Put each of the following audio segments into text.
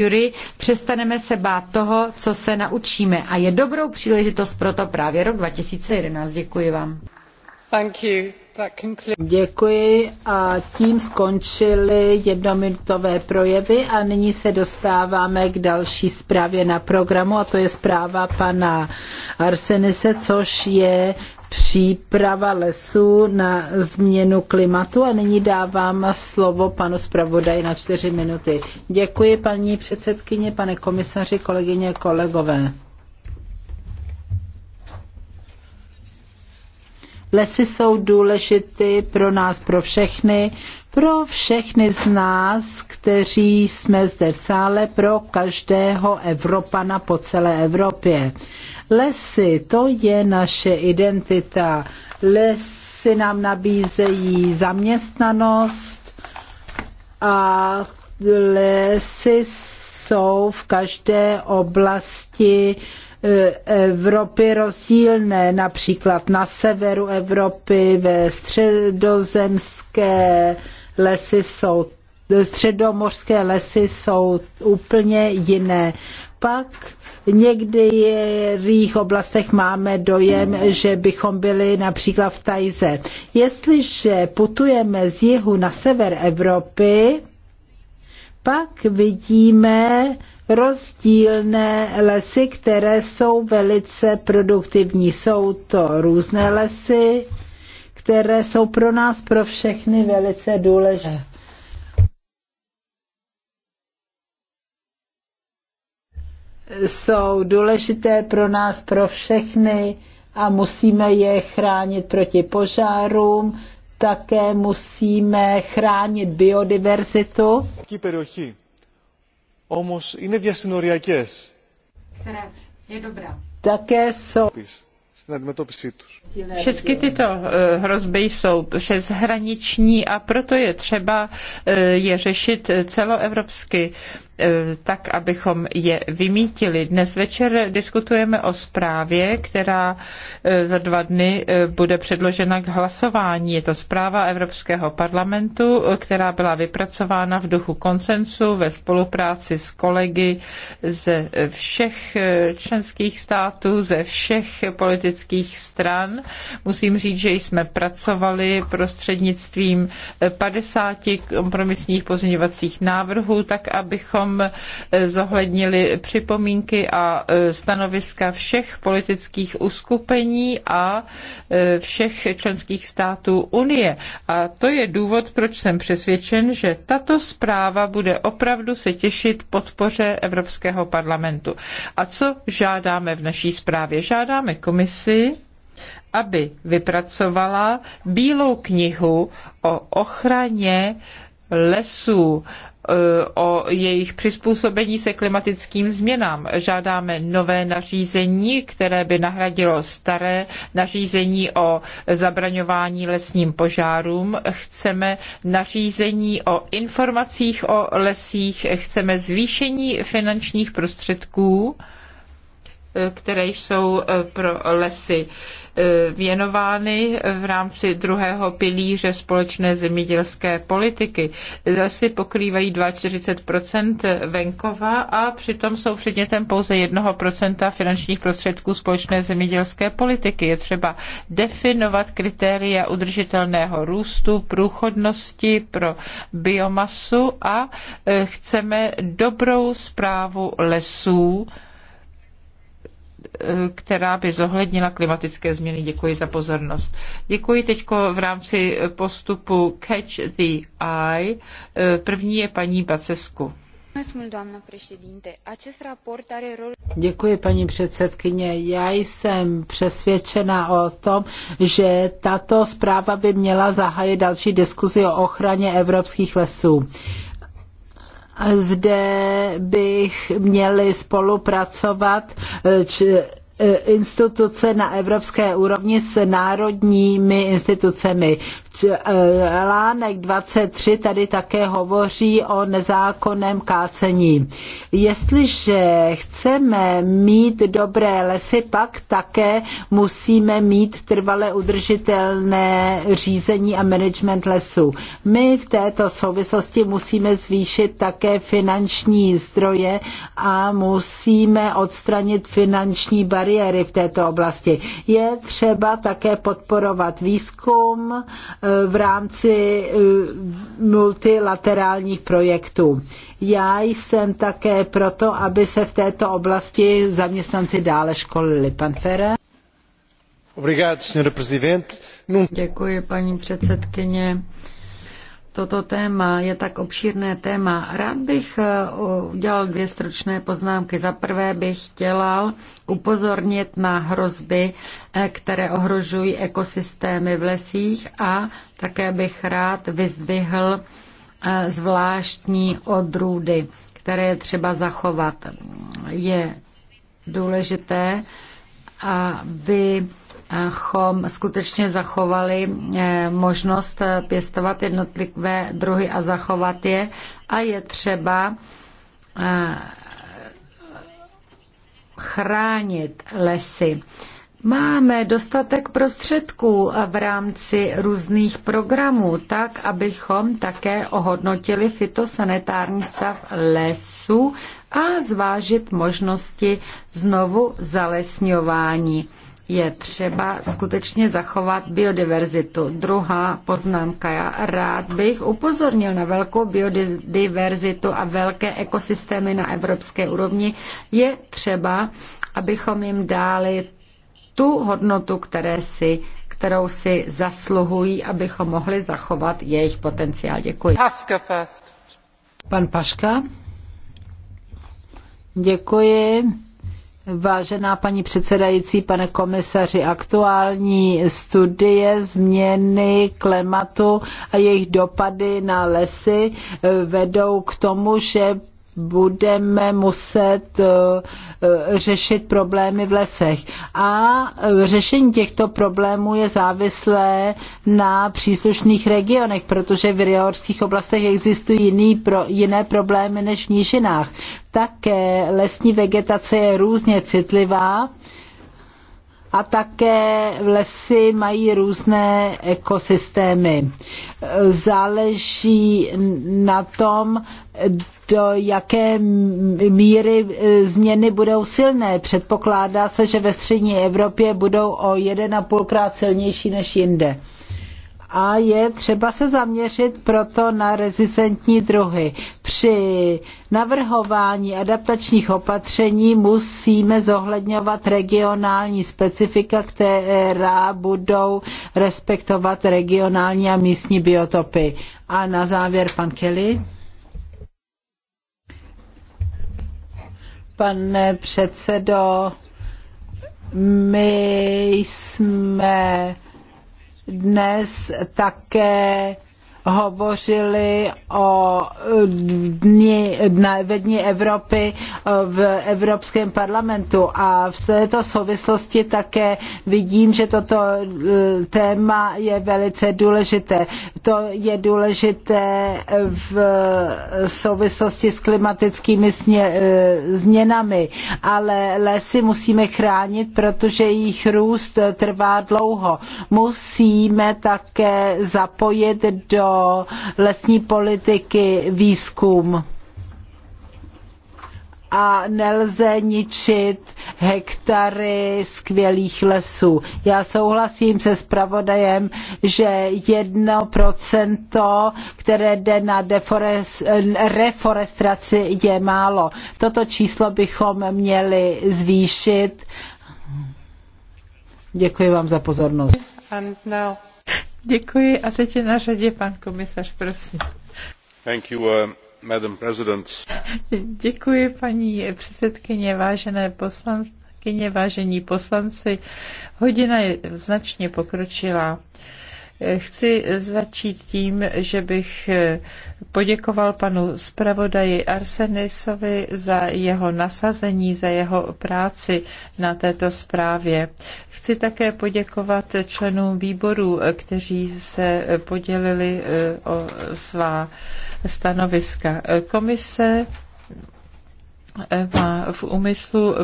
Jury, přestaneme se bát toho, co se naučíme. A je dobrou příležitost pro to právě rok 2011. Děkuji vám. Thank you. Děkuji a tím skončily jednominutové projevy a nyní se dostáváme k další zprávě na programu a to je zpráva pana Arsenise, což je příprava lesů na změnu klimatu a nyní dávám slovo panu zpravodaji na čtyři minuty. Děkuji paní předsedkyně, pane komisaři, kolegyně, kolegové. Lesy jsou důležité pro nás, pro všechny, pro všechny z nás, kteří jsme zde v sále, pro každého Evropana po celé Evropě. Lesy, to je naše identita. Lesy nám nabízejí zaměstnanost a lesy jsou v každé oblasti E, Evropy rozdílné, například na severu Evropy, ve středozemské lesy jsou středomořské lesy jsou úplně jiné. Pak v některých oblastech máme dojem, že bychom byli například v Tajze. Jestliže putujeme z jihu na sever Evropy, pak vidíme rozdílné lesy, které jsou velice produktivní. Jsou to různé lesy, které jsou pro nás, pro všechny velice důležité. Jsou důležité pro nás, pro všechny a musíme je chránit proti požárům, také musíme chránit biodiverzitu όμως είναι διασυνοριακές. Také jsou Všechny tyto eh, hrozby jsou přeshraniční a proto je třeba eh, je řešit eh, celoevropsky. Eh, tak, abychom je vymítili. Dnes večer diskutujeme o zprávě, která eh, za dva dny eh, bude předložena k hlasování. Je to zpráva Evropského parlamentu, která byla vypracována v duchu konsensu ve spolupráci s kolegy ze všech členských států, ze všech politických stran. Musím říct, že jsme pracovali prostřednictvím 50 kompromisních pozměňovacích návrhů, tak abychom abychom eh, zohlednili připomínky a eh, stanoviska všech politických uskupení a eh, všech členských států Unie. A to je důvod, proč jsem přesvědčen, že tato zpráva bude opravdu se těšit podpoře Evropského parlamentu. A co žádáme v naší zprávě? Žádáme komisi, aby vypracovala bílou knihu o ochraně lesů Eh, o jejich přizpůsobení se klimatickým změnám. Žádáme nové nařízení, které by nahradilo staré nařízení o zabraňování lesním požárům. Chceme nařízení o informacích o lesích, chceme zvýšení finančních prostředků, eh, které jsou eh, pro lesy Eh, věnovány v rámci druhého pilíře společné zemědělské politiky. Zase pokrývají 42 venkova a přitom jsou předmětem pouze 1 finančních prostředků společné zemědělské politiky. Je třeba definovat kritéria udržitelného růstu, průchodnosti pro biomasu a eh, chceme dobrou zprávu lesů, která by zohlednila klimatické změny. Děkuji za pozornost. Děkuji teď v rámci postupu Catch the Eye. První je paní Bacesku. Děkuji, paní předsedkyně. Já jsem přesvědčena o tom, že tato zpráva by měla zahájit další diskuzi o ochraně evropských lesů zde bych měli spolupracovat eh, E, instituce na evropské úrovni s národními institucemi. E, Lánek 23 tady také hovoří o nezákonném kácení. Jestliže chceme mít dobré lesy, pak také musíme mít trvale udržitelné řízení a management lesů. My v této souvislosti musíme zvýšit také finanční zdroje a musíme odstranit finanční bariéry bariéry v této oblasti. Je třeba také podporovat výzkum eh, v rámci eh, multilaterálních projektů. Já jsem také proto, aby se v této oblasti zaměstnanci dále školili. Pan Ferrer? Děkuji, paní předsedkyně. Toto téma je tak obšírné téma. Rád bych eh, udělal dvě stručné poznámky. Za prvé bych chtěla upozornit na hrozby, eh, které ohrožují ekosystémy v lesích a také bych rád vyzdvihl eh, zvláštní odrůdy, které je třeba zachovat. Je důležité, aby abychom skutečně zachovali eh, možnost eh, pěstovat jednotlivé druhy a zachovat je. A je třeba eh, chránit lesy. Máme dostatek prostředků v rámci různých programů, tak abychom také ohodnotili fitosanitární stav lesů a zvážit možnosti znovu zalesňování je třeba skutečně zachovat biodiverzitu. Druhá poznámka. Já rád bych upozornil na velkou biodiverzitu a velké ekosystémy na evropské úrovni. Je třeba, abychom jim dali tu hodnotu, které si, kterou si zasluhují, abychom mohli zachovat jejich potenciál. Děkuji. Paska first. Pan Paška. Děkuji. Vážená paní předsedající, pane komisaři, aktuální studie změny klimatu a jejich dopady na lesy eh, vedou k tomu, že budeme muset eh, eh, řešit problémy v lesech. A eh, řešení těchto problémů je závislé na příslušných regionech, protože v rioorských oblastech existují jiný pro, jiné problémy než v nížinách. Také lesní vegetace je různě citlivá a také v lesy mají různé ekosystémy. Záleží na tom, do jaké míry e, změny budou silné. Předpokládá se, že ve střední Evropě budou o 1,5 krát silnější než jinde a je třeba se zaměřit proto na rezistentní druhy. Při navrhování adaptačních opatření musíme zohledňovat regionální specifika, která budou respektovat regionální a místní biotopy. A na závěr pan Kelly. Pane předsedo, my jsme dnes také hovořili o dní, ve dní Evropy eh, v Evropském parlamentu a v této souvislosti také vidím, že toto eh, téma je velice důležité. To je důležité v souvislosti s klimatickými sně, eh, změnami, ale lesy musíme chránit, protože jejich růst trvá dlouho. Musíme také zapojit do lesní politiky výzkum a nelze ničit hektary skvělých lesů. Já souhlasím se zpravodajem, že jedno procento, které jde na deforest, reforestaci, je málo. Toto číslo bychom měli zvýšit. Děkuji vám za pozornost. Děkuji a teď je na řadě pan komisař, prosím. Thank you, uh... Madam President. Děkuji, paní předsedkyně, vážené poslankyně, vážení poslanci. Hodina je značně pokročila. Chci začít tím, že bych poděkoval panu zpravodaji Arsenisovi za jeho nasazení, za jeho práci na této zprávě. Chci také poděkovat členům výboru, kteří se podělili eh, o svá stanoviska. Komise eh, má v úmyslu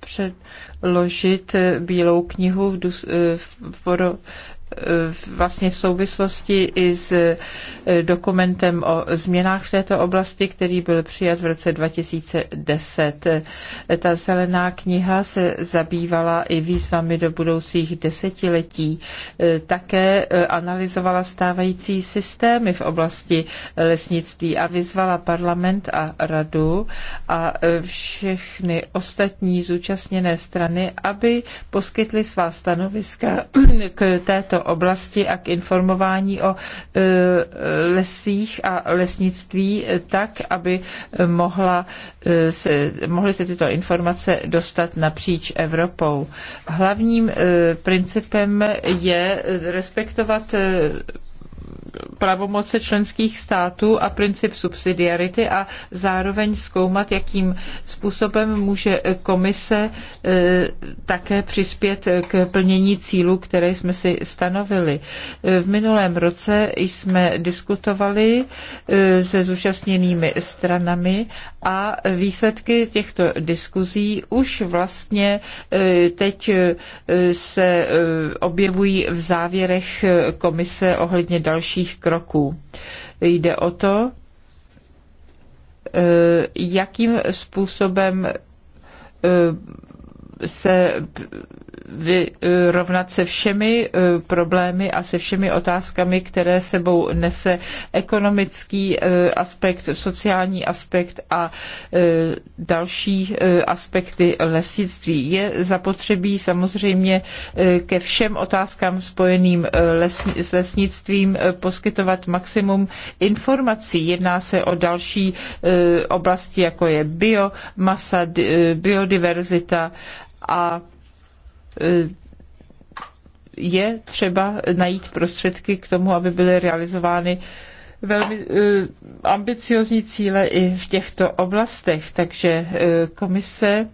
předložit eh, bílou knihu v, v, v Eh, vlastně v souvislosti i s eh, dokumentem o změnách v této oblasti, který byl přijat v roce 2010. Eh, ta zelená kniha se zabývala i výzvami do budoucích desetiletí. Také analyzovala stávající systémy v oblasti lesnictví a vyzvala parlament a radu a všechny ostatní zúčastněné strany, aby poskytly svá stanoviska k této oblasti a k informování o e, lesích a lesnictví e, tak, aby mohla e, se, mohly se tyto informace dostat napříč Evropou. Hlavním principem je respektovat pravomoce členských států a princip subsidiarity a zároveň zkoumat, jakým způsobem může komise e, také přispět k plnění cílů, které jsme si stanovili. E, v minulém roce jsme diskutovali e, se zúčastněnými stranami a výsledky těchto diskuzí už vlastně teď se objevují v závěrech komise ohledně dalších dalších kroků. Jde o to, eh, jakým způsobem eh, se vyrovnat se všemi eh, problémy a se všemi otázkami, které sebou nese ekonomický eh, aspekt, sociální aspekt a eh, další aspekty lesnictví. Je zapotřebí samozřejmě ke všem otázkám spojeným s lesnictvím poskytovat maximum informací. Jedná se o další oblasti, jako je biomasa, biodiverzita a Eh, je třeba najít prostředky k tomu, aby byly realizovány velmi eh, ambiciozní cíle i v těchto oblastech. Takže eh, komise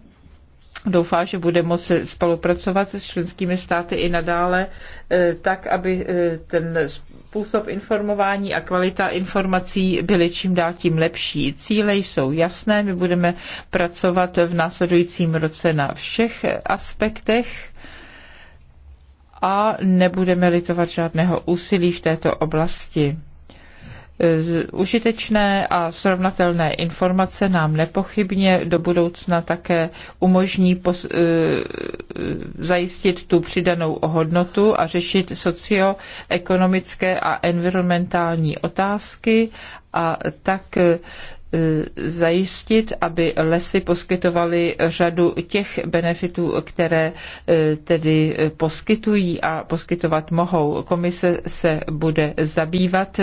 doufá, že bude moci spolupracovat s členskými státy i nadále, eh, tak, aby eh, ten způsob informování a kvalita informací byly čím dál tím lepší. Cíle jsou jasné, my budeme pracovat v následujícím roce na všech aspektech a nebudeme litovat žádného úsilí v této oblasti užitečné a srovnatelné informace nám nepochybně do budoucna také umožní pos, e, zajistit tu přidanou hodnotu a řešit socioekonomické a environmentální otázky a tak Eh, zajistit, aby lesy poskytovaly řadu těch benefitů, které eh, tedy eh, poskytují a poskytovat mohou. Komise se bude zabývat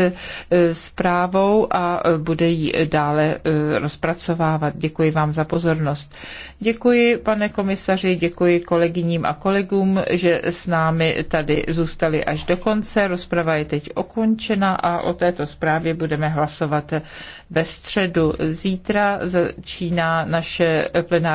zprávou a bude ji dále rozpracovávat. Děkuji vám za pozornost. Děkuji, pane komisaři, děkuji kolegyním a kolegům, že s námi tady zůstali až do konce. Rozprava je teď okončena a o této zprávě budeme hlasovat ve středu středu. Zítra začíná naše plenární